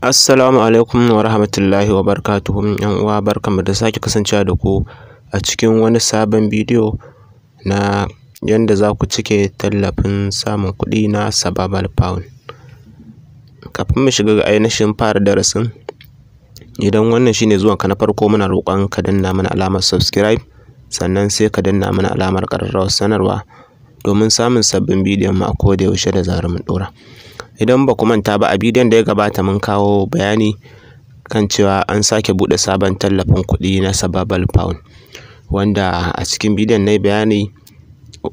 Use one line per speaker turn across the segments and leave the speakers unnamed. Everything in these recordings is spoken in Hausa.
Assalamu alaikum wa rahmatullahi wa barakatuhu ‘yan uwa barkanmu da sake kasancewa da ku a cikin wani sabon bidiyo na yadda za ku cike tallafin samun kuɗi na Sababal Pound. Kafin mu shiga ga ainihin fara darasin, idan wannan shine zuwan na farko muna roƙon ka danna mana alamar subscribe sannan sai ka danna mana alamar ƙararrawar sanarwa domin samun sabbin bidiyon mu a koda yaushe da zarar mun ɗora. Idan ba ku manta ba a bidiyon da ya gabata mun kawo bayani kan cewa an sake buɗe sabon tallafin kuɗi na sababal Pound wanda a cikin bidiyon na bayani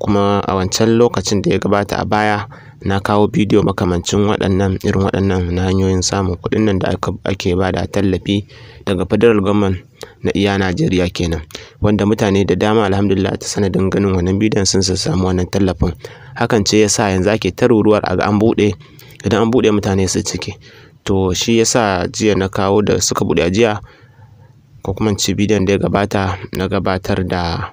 kuma a wancan lokacin da ya gabata a baya na kawo bidiyo makamancin waɗannan irin waɗannan na hanyoyin samun kuɗin nan da ake ba da tallafi daga federal government na iya Najeriya kenan wanda mutane da dama alhamdulillah ta sanadin ganin wannan bidiyon sun samu wannan tallafin hakan ce ya sa yanzu ake ta ruruwar a ga an buɗe idan an buɗe mutane su cike to shi yasa jiya na kawo da suka buɗe jiya ko kuma ci bidiyon da ya gabata na gabatar da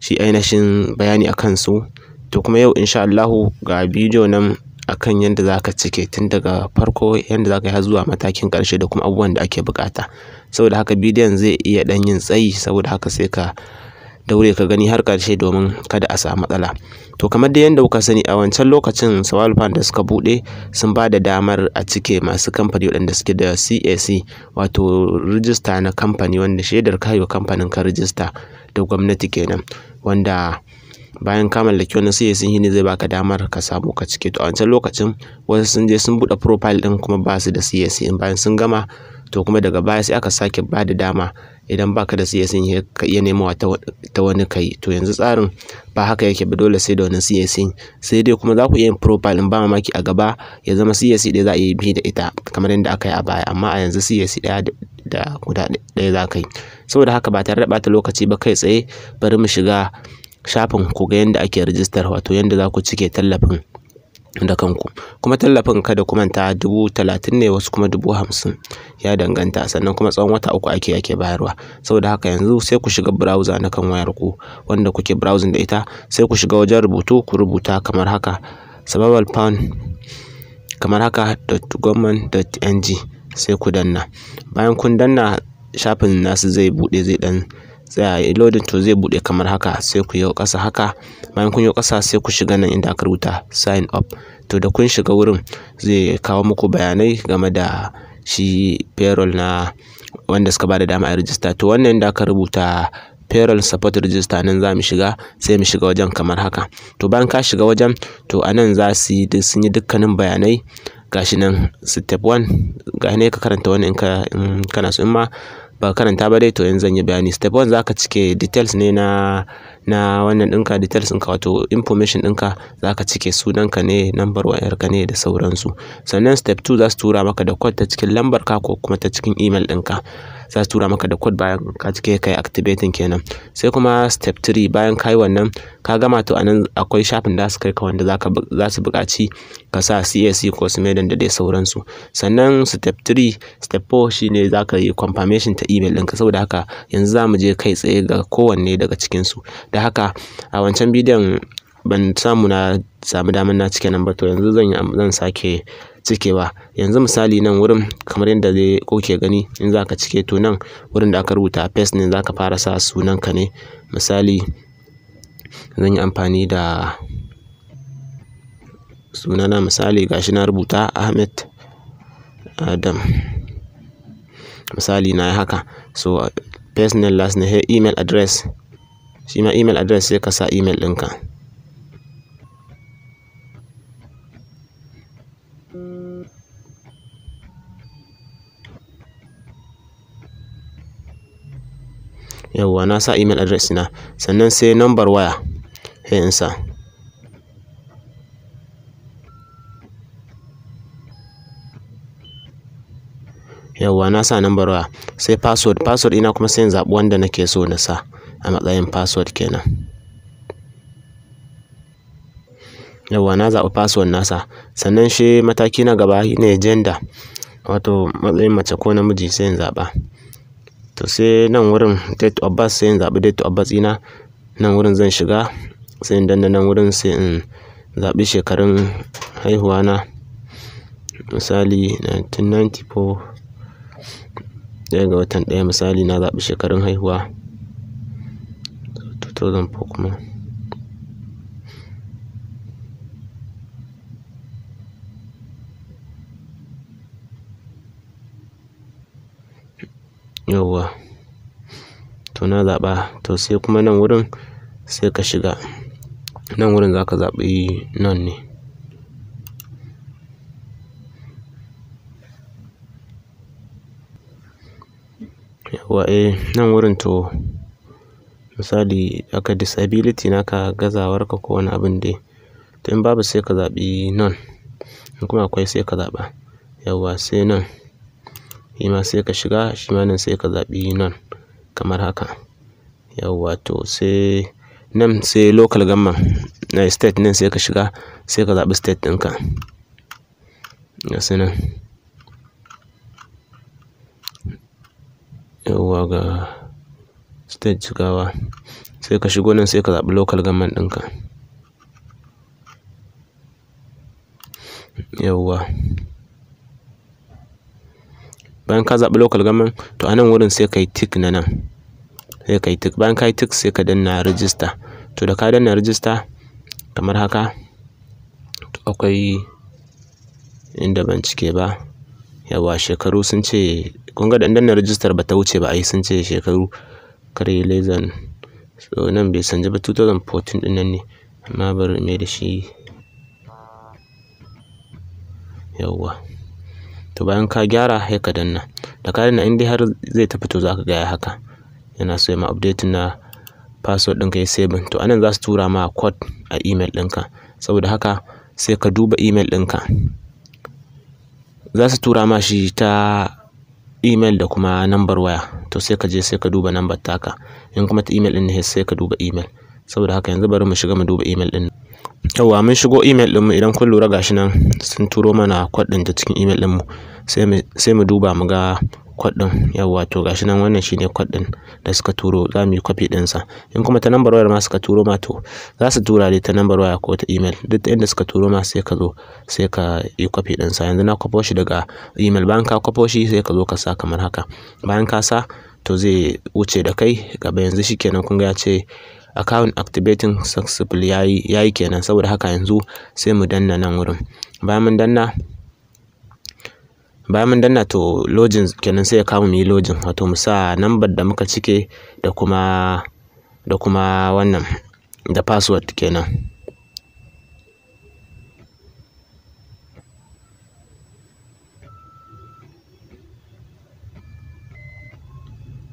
shi ainihin bayani a kansu to kuma yau insha Allahu ga bidiyo nan akan yadda za ka cike tun daga farko yadda za ka yi har zuwa matakin karshe da kuma abubuwan da ake bukata saboda haka bidiyon zai iya ɗan yin tsayi saboda haka sai ka daure ka gani har ƙarshe domin kada a samu matsala to kamar dai yadda kuka sani a wancan lokacin Sawal Fan da suka buɗe sun ba da damar a cike masu kamfani waɗanda suke da CAC wato rijista na kamfani wanda shaidar kayo kamfanin ka rijista da gwamnati kenan wanda bayan ka mallaki wannan CAC ne zai baka damar ka samu ka cike to a wancan lokacin wasu sun je sun buɗe profile din kuma ba su da CS, in e. bayan sun gama to kuma daga baya sai aka sake ba da dama idan baka da CAC e, ka iya nemawa ta wani kai to yanzu tsarin ba haka yake ba dole sai da wani CAC e. sai dai kuma za ku iya yin profile in ba mamaki a gaba ya zama CS ɗaya za a yi bi da ita kamar yadda aka yi a baya amma a yanzu CAC ɗaya da guda ɗaya za ka yi saboda haka ba tare da ɓata lokaci ba kai tsaye bari mu shiga shafin ku ga yadda ake rijistar wato yadda za ku cike tallafin da kanku kuma tallafin kada ku manta dubu talatin ne wasu kuma dubu hamsin ya danganta sannan kuma tsawon wata uku ake ake bayarwa saboda haka yanzu sai ku shiga browser na kan wayar ku wanda kuke browsing da ita sai ku shiga wajen rubutu ku rubuta kamar haka sababal pound kamar haka .government.ng sai ku danna bayan kun danna shafin nasu zai buɗe zai ɗan loading to zai buɗe kamar haka sai ku yi ƙasa haka bayan kun yi ƙasa sai ku shiga nan inda aka rubuta sign up to da kun shiga wurin zai kawo muku bayanai game da shi payroll na wanda suka ba da dama a register to wannan inda aka rubuta payroll support register nan za mu shiga sai mu shiga wajen kamar haka to bayan ka shiga wajen to a nan za su yi sun yi dukkanin bayanai gashi nan step 1 ga ne ka karanta wani in kana so in ma ba karanta ba dai to yanzu zan yi bayani step 1 zaka cike details ne na na wannan ɗinka details ɗinka wato information ɗinka za ka cike sunanka ne wayar ka ne da sauransu sannan step 2 za su tura maka da code ta cikin lambar ka ko kuma ta cikin email ɗinka za su tura maka da code bayan ka cike kai activating kenan sai kuma step 3 bayan kai wannan ka gama to anan akwai shafin da su kai ka wanda zaka za su buƙaci ka sa CAC ko maiden da dai sauransu sannan step 3 step 4 shine za ka yi confirmation ta email ɗinka saboda haka yanzu za mu je kai tsaye ga kowanne daga cikinsu da haka a wancan bidiyon ban samu na samu damar na cike nan ba to yanzu zan zan sake cikewa yanzu misali nan wurin kamar yadda ko koke gani in za ka cike to nan wurin da aka rubuta paste ne za ka fara sa ka ne misali zan yi amfani da sunana misali gashi na rubuta Ahmed Adam misali na yi haka so personal last name email address shi ma email address sai ka sa email ɗinka yawwa na sa email address na sannan sai number waya sai in sa yawwa na sa number waya sai password password ina kuma sai in zaɓi wanda nake so na sa a matsayin password kenan yawwa na zaɓi password nasa sannan shi mataki na gaba ne gender wato matsayin mace ko namiji sai in zaɓa to sai nan wurin date of birth sai in zaɓi date of birth ɗina nan wurin zan shiga sai in danna nan wurin sai in zaɓi shekarun haihuwa na misali 1994 ɗaya ga watan ɗaya misali na zaɓi shekarun haihuwa 2004 kuma Yawwa, to na zaɓa to sai kuma nan wurin sai ka shiga nan wurin za ka zaɓi nan ne Yawwa, eh nan wurin to misali aka disability naka gazawarka ko wani abin dai to in babu sai ka zaɓi nan in kuma akwai sai ka zaɓa yawwa sai nan shi ma sai ka shiga shi ma nan sai ka zaɓi nan kamar haka yawwa to sai nan sai local government na eh, state nan sai ka shiga sai ka zaɓi state ɗinka gasu nan yawwa ga state jigawa sai ka shigo nan sai ka zaɓi local government ɗinka yawwa bayan ka zaɓi local government to a nan wurin sai ka yi tick na nan sai ka yi tick bayan ka yi tick sai ka danna register to da ka danna register kamar haka to akwai inda ban cike ba yawa shekaru sun ce kun ga dandan na rijistar ba ta wuce ba ai sun ce shekaru Kare lezan. so nan bai sanje ba 2014 ɗin nan ne amma bari mai da shi yauwa. To bayan ka gyara sai ka danna da ka danna in dai har zai ta fito za ka ga haka yana so ya ma update na password ɗinka ya save to anan nan za su tura ma code a email ɗinka saboda haka sai ka duba email ɗinka za su tura ma shi ta email da kuma number waya to sai ka je sai ka duba number taka in kuma ta email din ne sai ka duba email saboda haka yanzu bari mu shiga mu duba email din yawwa mun shigo email din mu idan kun lura gashi nan sun turo mana kod din ta cikin email din mu sai mu sai mu duba mu ga kwad ɗin yawwa to gashi nan wannan shine kwad ɗin da suka turo za mu yi kwafi ɗinsa in kuma ta lambar wayar ma suka turo ma to za su tura ne ta lambar waya ko ta email duk inda suka turo ma sai ka zo sai ka yi kwafi ɗinsa yanzu na kwafo shi daga email bayan ka kwafo shi sai ka zo ka sa kamar haka bayan ka sa to zai wuce da kai gaba yanzu shikenan kun ga ya ce account activating successfully yayi yayi kenan saboda haka yanzu sai mu danna nan wurin bayan mun danna bayan mun danna to login kenan sai ya kama mu yi login wato mu sa number da muka cike da kuma da kuma wannan da password kenan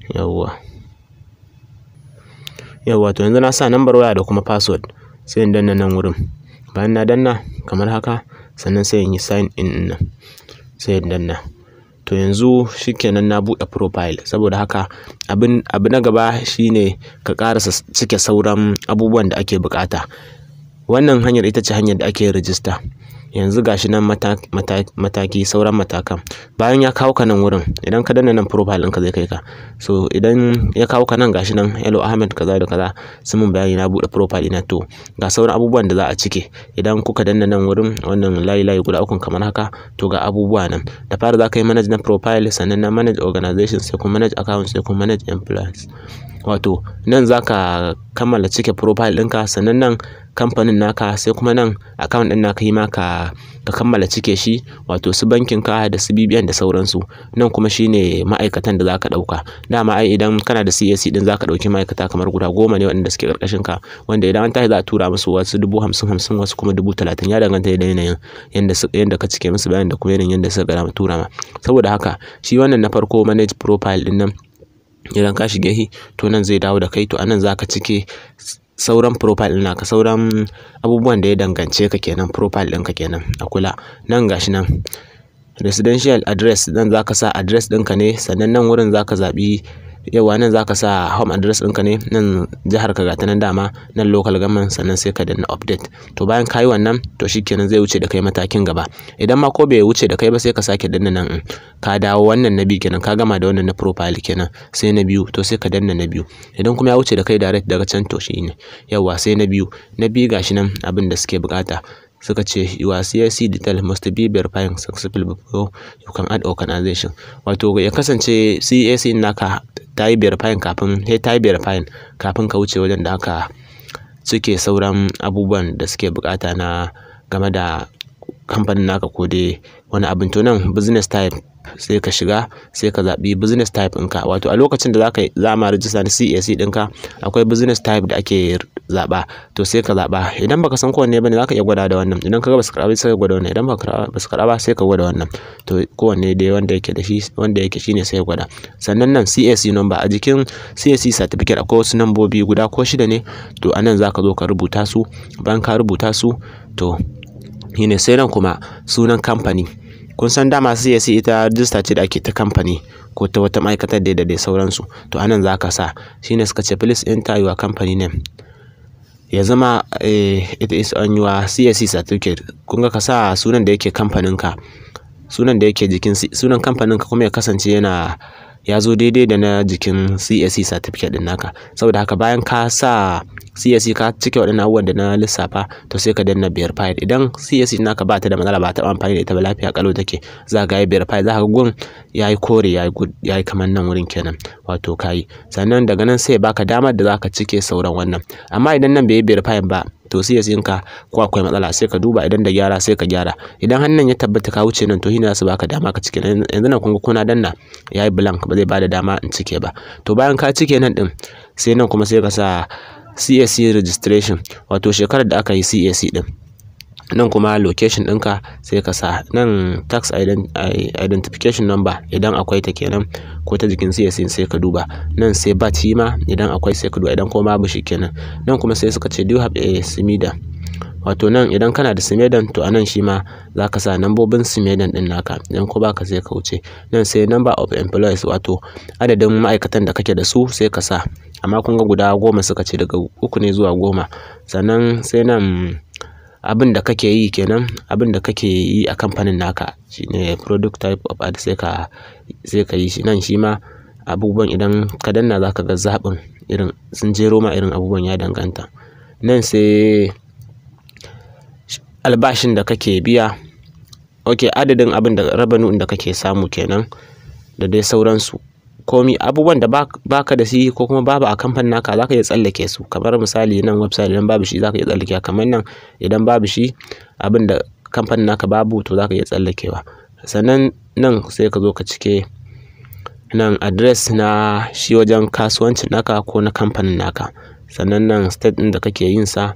yawwa yawwa to yanzu na sa nambar waya da kuma password sai in danna nan wurin bayan na danna kamar haka sannan sai in yi sign in nan sai danna to yanzu shikenan na buɗe profile saboda haka abin abu na gaba shine ka ƙarasa cike sauran abubuwan da ake buƙata wannan hanyar ita ce hanyar da ake register rijista yanzu gashi nan mataki sauran matakan bayan ya kawo ka wurin idan ka danna nan profile ɗinka zai kai ka so idan ya kawo ka nan gashi nan hello ahmed kaza da kaza sun mun bayani na buɗe profile ina to ga sauran abubuwan da za a cike idan kuka danna nan wurin wannan layi layi guda uku kamar haka to ga abubuwa nan da fara za ka yi manage na profile sannan na manage organization sai kuma manage account sai kuma manage employees wato nan za ka kammala cike profile ɗinka sannan nan kamfanin naka sai kuma nan account ɗin naka yi ma ka kammala cike shi wato su bankin ka da su BBN da sauransu nan kuma shine ma'aikatan da zaka ɗauka dama ai idan kana da CAC ɗin zaka ɗauki ma'aikata kamar guda goma ne waɗanda suke ƙarƙashin ka wanda idan an tashi za a tura musu wasu dubu hamsin hamsin wasu kuma dubu talatin ya danganta da yanayin yanda yanda ka cike musu bayan da kuma yanayin yanda suka gara tura ma saboda haka shi wannan na farko manage profile ɗin nan idan ka shige shi to nan zai dawo da kai to anan nan za ka cike sauran profile ɗin naka sauran abubuwan da ya dangance ka kenan profile ɗinka kenan a kula nan gashi nan residential address nan zaka sa address ɗinka ne sannan nan wurin zaka ka zaɓi yawa nan za ka sa home address ɗinka ne nan jihar ka gata nan dama nan local government sannan sai ka danna update to bayan ka yi wannan to shikenan zai wuce da kai matakin gaba idan ma ko bai wuce da kai ba sai ka sake danna nan ka dawo wannan na biyu kenan ka gama da wannan na profile kenan sai na biyu to sai ka danna na biyu idan kuma ya wuce da kai direct daga can to shi ne yawa sai na biyu na biyu gashi nan abin da suke bukata suka ce wa CIC detail must be verifying successful before you can add organization wato ya kasance CAC naka ta yi verifying kafin sai ta yi verifying kafin ka wuce wajen da aka suke sauran abubuwan da suke bukata na game da kamfanin naka ko dai wani abin to nan business type sai ka shiga sai ka zaɓi business type ɗinka wato a lokacin da za ka zama rijista na CAC ɗinka akwai business type da ake zaɓa to sai ka zaɓa idan baka san kowanne bane zaka iya gwada da wannan idan ga basu karaba sai ka gwada wannan idan baka basu karaba sai ka gwada wannan to kowanne dai wanda yake da shi wanda yake shine sai ya gwada sannan nan CAC e number a jikin CAC e certificate akwai wasu nambobi guda ko shida ne to anan zaka zo ka rubuta su bayan ka rubuta su to shine sai nan kuma sunan kamfani kun san dama CAC e ita register ce da ake ta kamfani ko ta wata ma'aikatar da dai sauransu to anan zaka sa shine suka ce please enter your company name ya zama eh, it is on your CSE certificate kunga ka sa sunan da yake kamfaninka sunan da yake jikin sunan kamfaninka kuma ya kasance yana ya zo daidai da na jikin CAC e certificate ɗin naka saboda haka bayan ka sa CAC e ka cike waɗannan abubuwan da na lissafa to sai ka danna verify idan CSE naka ba ta da matsala ba ta amfani da ita ba lafiya kalau take za ka yi verify za ka gun yayi kore yayi good yayi kamar nan wurin kenan wato kayi sannan daga nan sai baka damar da zaka cike sauran wannan amma idan nan bai yi verify ba to sai ya tsinka ko akwai matsala sai ka duba idan da gyara sai ka gyara idan hannun ya tabbata ka wuce nan to hina su baka dama ka cike yanzu nan kun ga kuna danna yayi blank ba zai bada dama in cike ba to bayan ka cike nan din sai nan kuma sai ka sa CAC registration wato shekarar da aka yi CAC din nan kuma location ɗinka sai ka sa nan tax identification number idan akwai ta kenan ko ta jikin CSN sai ka duba nan sai bat shi ma idan akwai sai ka duba idan kuma babu shi kenan nan kuma sai suka ce do you a simida wato nan idan kana da simedan to anan shi ma za ka sa nambobin simedan din naka idan ko baka sai ka wuce nan sai number of employees wato adadin ma'aikatan da kake da su sai ka sa amma kun ga guda goma suka ce daga uku ne zuwa goma sannan sai nan abin da kake yi kenan abin da kake yi a kamfanin naka shine product type of ad sai ka sai yi shi nan shi ma abubuwan idan ka danna za ka ga zaɓin irin sun jero ma irin abubuwan ya danganta nan sai albashin da kake biya ok adadin abin da rabanu da kake samu kenan da dai sauransu komi abubuwan da ba ka da shi ko kuma babu a kamfanin naka za ka iya tsallake su kamar misali nan website idan babu shi za ka iya tsallakewa kamar nan idan babu shi abin da kamfanin naka babu to za ka iya tsallakewa sannan nan sai ka zo ka cike nan address na shi wajen kasuwancin naka ko na kamfanin naka sannan nan state ɗin da kake yin sa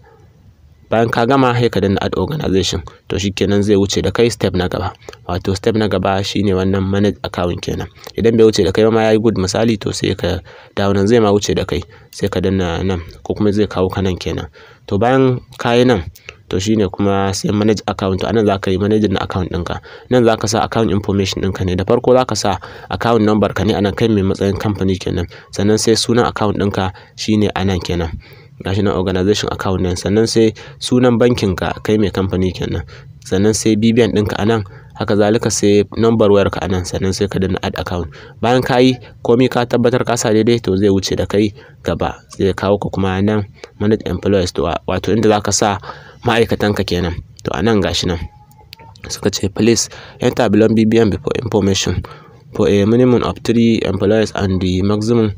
bayan ka gama sai ka danna add organization to shikenan zai wuce da kai step na gaba wato step na gaba shine wannan manage account kenan idan bai wuce da kai ma yayi good misali to sai ka da wannan zai ma wuce da kai sai ka danna nan ko kuma zai kawo ka nan kenan to bayan ka yi nan to shine kuma sai manage account to anan zaka yi manage na account ɗinka nan zaka sa account information ɗinka ne da farko zaka sa account number ka ne anan kai mai matsayin company kenan sannan sai sunan account ɗinka shine anan kenan national organization account ne sannan sai sunan bankin ka kai mai kamfani kenan sannan sai BBN ɗinka ka anan haka zalika sai number wayar ka anan sannan sai ka danna add account bayan ka yi komai ka tabbatar ka sa daidai to zai wuce da kai gaba zai kawo ka kuma nan manage employees to wato inda zaka sa ma'aikatan ka kenan to anan gashi nan suka ce please enter below BBN before information for a minimum of 3 employees and the maximum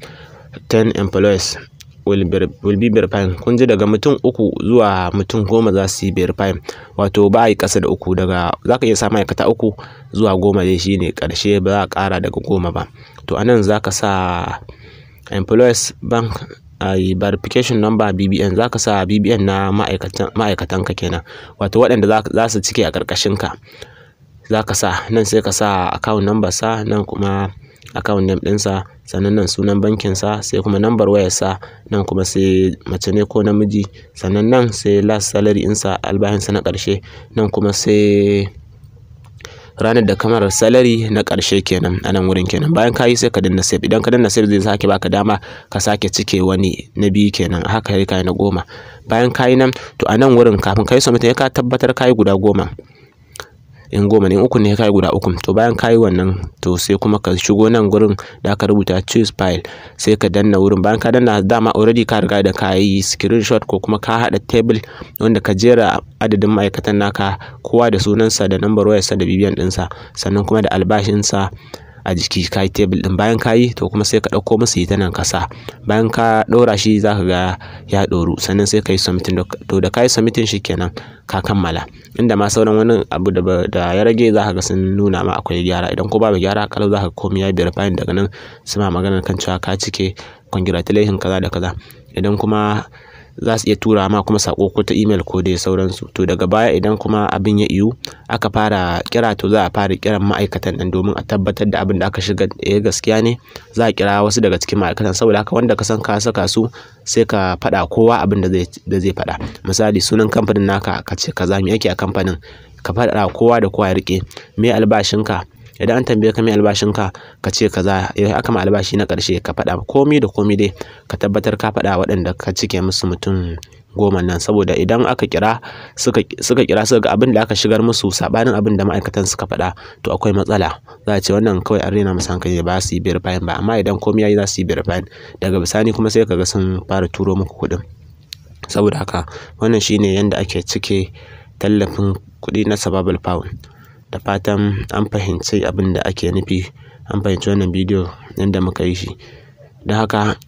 10 employees will be verified kun ji daga mutum uku zuwa mutum goma za su yi verifying wato ba a yi ƙasa da uku daga za ka iya sa ma'aikata uku zuwa goma dai shi ne ƙarshe ba za a ƙara daga goma ba to anan za ka sa employers bank a yi verification number bbn za ka sa bbn na ma'aikatan ka kenan wato waɗanda za su cike a ƙarƙashinka za ka sa nan sai ka sa account number sa nan kuma account name ɗinsa sannan nan sunan bankinsa sai kuma nambar wayarsa nan kuma sai mace ne ko namiji sannan nan sai last salary insa albahinsa na ƙarshe nan kuma sai ranar da kamar salary na ƙarshe kenan a nan wurin kenan bayan ka yi sai ka danna save idan ka danna save zai sake baka dama ka sake cike wani na biyu kenan a haka kai na goma bayan ka yi nan to a nan wurin kafin ka yi submit ya ka tabbatar ka yi guda goma in goma ne uku ne kai guda uku to bayan ka wannan to sai kuma ka shigo nan gurin da aka rubuta choose file sai ka danna wurin bayan ka danna dama already ka riga da ka yi screenshot ko kuma ka haɗa table wanda ka jera adadin ma'aikatan naka kowa da sunansa da lambar wayarsa da bibiyan ɗinsa sannan kuma da albashinsa a jiki ka yi table ɗin bayan ka to kuma sai ka ɗauko masa ita nan ka bayan ka ɗora shi za ka ga ya ɗoru sannan sai ka yi submitting to da ka yi shi kenan ka kammala inda ma sauran wani abu da, da ya rage za ka ga sun nuna ma akwai gyara idan ko babu gyara kalau zaka ka komai ya verify daga nan suna maganar kan cewa ka cike congratulations kaza da kaza idan kuma za su iya tura ma kuma sako ko ta email ko dai sauransu to daga baya idan kuma abin ya iyu aka fara kira to za a fara kiran ma'aikatan nan domin a tabbatar da abin da aka shiga eh gaskiya ne za a kira wasu daga cikin ma'aikatan saboda haka wanda ka san ka saka su sai ka faɗa kowa abin da zai faɗa misali sunan kamfanin naka ka ce ka yake a kamfanin ka faɗa kowa da kowa ya rike me albashin ka? idan an tambaye ka me albashinka ka ce kaza idan eh, aka ma albashi na karshe ka faɗa komi da komi dai ka tabbatar ka faɗa waɗanda ka cike musu mutum goma nan saboda idan aka kira suka kira suka ga abin da aka shigar musu sabanin abin da ma'aikatan suka faɗa to akwai matsala za a ce wannan kawai an rena musu hankali ba su yi verifying ba amma idan ya yayi za su yi verifying daga bisani kuma sai kaga sun fara turo muku kuɗin saboda haka wannan shine yanda ake cike tallafin kuɗi na survival pound Da fatan an fahimci abin da ake nufi, an fahimci wannan bidiyo yadda muka yi shi. Don haka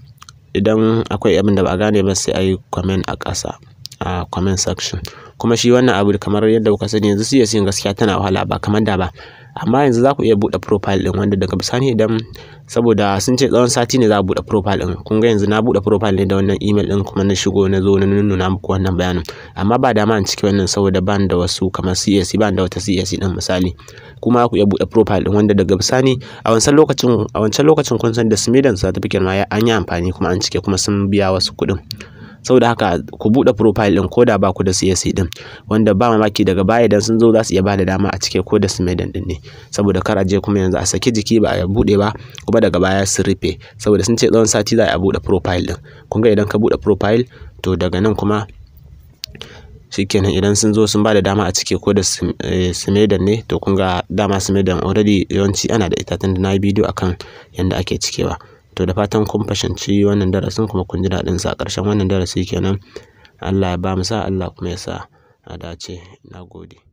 idan akwai abin da ba a gane ba sai a yi comment a ƙasa a comment section. Kuma shi wannan abu kamar yadda kuka sani yanzu CS gaskiya tana wahala ba kamar da ba. amma yanzu za ku iya buɗe profile ɗin wanda daga bisani idan saboda sun ce tsawon sati ne za a buɗe profile ɗin kun ga yanzu na buɗe profile ne da wannan email ɗin kuma na shigo na zo na nuna muku wannan bayanin amma ba dama in ciki wannan saboda ban da wasu kamar CSC e, ban da wata CSC e ɗin misali kuma ku iya buɗe profile ɗin wanda daga bisani a wancan lokacin a wancan lokacin kun san da Smidan certificate ma an yi amfani kuma an cike kuma sun biya wasu kuɗin saboda haka ku buɗe profile din ko da ba ku da CSC din wanda ba mamaki daga baya idan sun zo za su iya ba da dama a cike ko da su maidan din ne saboda kar a kuma yanzu a saki jiki ba a buɗe ba kuma daga baya su rufe saboda sun ce tsawon sati za a buɗe profile ɗin kun ga idan ka buɗe profile to daga nan kuma shikenan idan sun zo sun ba da dama a cike ko da sumedan eh, ne to kun ga dama sumedan already yawanci ana da ita tun da na yi bidiyo akan yadda ake cikewa to da fatan kun fashanci wannan darasin kuma kun ji daɗin sa ƙarshen wannan darasi kenan Allah ya ba mu sa Allah kuma ya sa a dace na gode